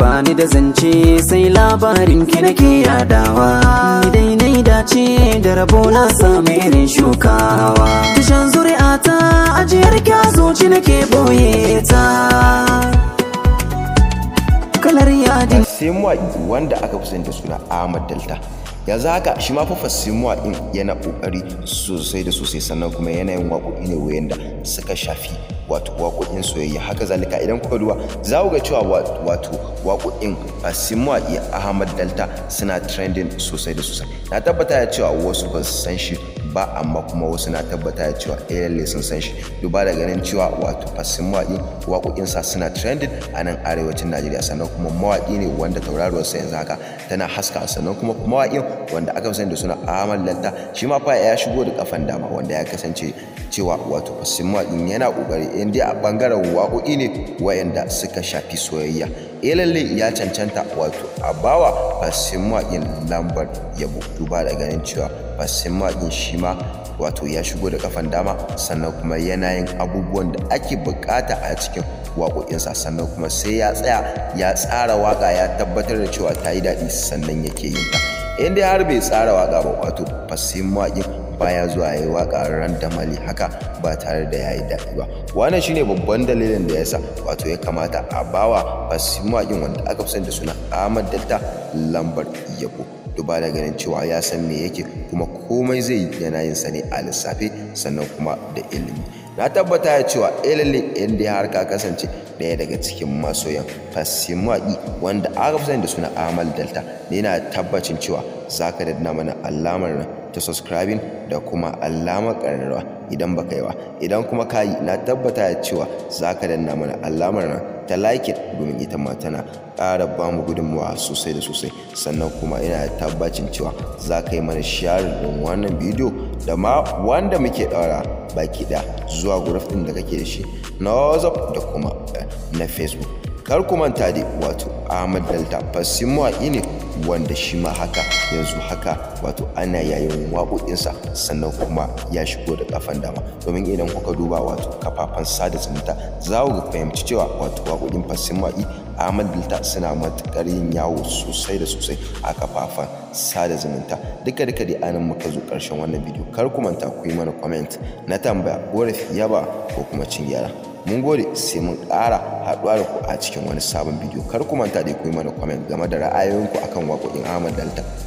bani da zance sai labarin ki nake yadawa idan nai dace da rabo na same irin shukawa zuri'a zuri'ata ajiyar kya zuci nake boye ta Daddy. Sai wanda aka fi da suna Ahmad Delta. Ya haka shi ma fa fasin yana ƙoƙari sosai da sosai sannan kuma yanayin waƙoƙi ne wayanda suka shafi wato waƙoƙin soyayya haka zalika idan kuka duba za ku ga cewa wato waƙoƙin fasin Ahmad Delta suna trending sosai da sosai. Na tabbata ya cewa wasu ba su san shi ba amma kuma wasu na tabbata cewa eh lalle sun san shi duba da ganin cewa wato fasin mawaƙi waƙoƙinsa suna trending a nan arewacin Najeriya sannan kuma mawaƙi ne wanda tauraruwarsa yanzu haka tana haska sannan kuma mawaƙin wanda aka fi sani da suna Ahmad Lanta shi ma fa ya shigo da kafan dama wanda ya kasance cewa wato fasin mawaƙin yana ƙoƙari in a ɓangaren waƙoƙi ne wayanda suka shafi soyayya Eh, lalle ya cancanta wato a bawa Basimma din lambar yabo duba da ganin cewa Basimma din shi ma wato ya shigo da kafan dama sannan kuma yana yin abubuwan da ake bukata a cikin waƙoƙinsa sannan kuma sai ya tsaya ya tsara waƙa ya tabbatar da cewa ta yi daɗi sannan yake yin ta inda dai har bai tsara waƙa ba wato Basimma din baya zuwa ya yi waƙa ran damali haka ba tare da ya yi daɗi ba wannan shine babban dalilin da ya sa wato ya kamata a bawa basu mawaƙin wanda aka fi da suna ahmad delta lambar yabo duba da ganin cewa ya san me yake kuma komai zai yi yana yin sa ne a lissafe sannan kuma da ilimi na tabbata ya cewa ilimi eh inda har ka kasance ɗaya daga cikin masoyan fasimaki wanda aka fi sani da suna amal delta ne na tabbacin cewa zaka da mana alamar nan ta subscribing da kuma alamar ƙararrawa idan ba kaiwa idan kuma ka yi na tabbata da cewa za ka danna mana alamar na ta like domin ita ma tana ƙara ba mu gudunmawa sosai da sosai sannan kuma ina da tabbacin cewa za ka yi mana share don wannan bidiyo da ma wanda muke ɗaura baki ɗaya zuwa guruf ɗin da kake da shi na whatsapp da kuma eh, na facebook kar ku manta dai wato ahmad dalda fassin mawaƙi ne wanda shi ma haka yanzu haka wato ana yayin waƙoƙinsa sannan kuma ya shigo da kafan dama domin idan kuka duba wato kafafen sada zumunta za ku fahimci cewa wato waƙoƙin fassin mawaƙi ahmad dalda suna matuƙar yin yawo sosai da sosai a kafafen sada zumunta duka duka dai anan muka zo ƙarshen wannan bidiyo kar ku manta ku yi mana comment na tambaya ko rafi yaba ko kuma cin gyara mun gode sai mun ƙara haɗuwa da ku a cikin wani sabon bidiyo kar ku manta da ku yi mana comment game da ra'ayoyinku akan waƙoƙin Ahmad Dalta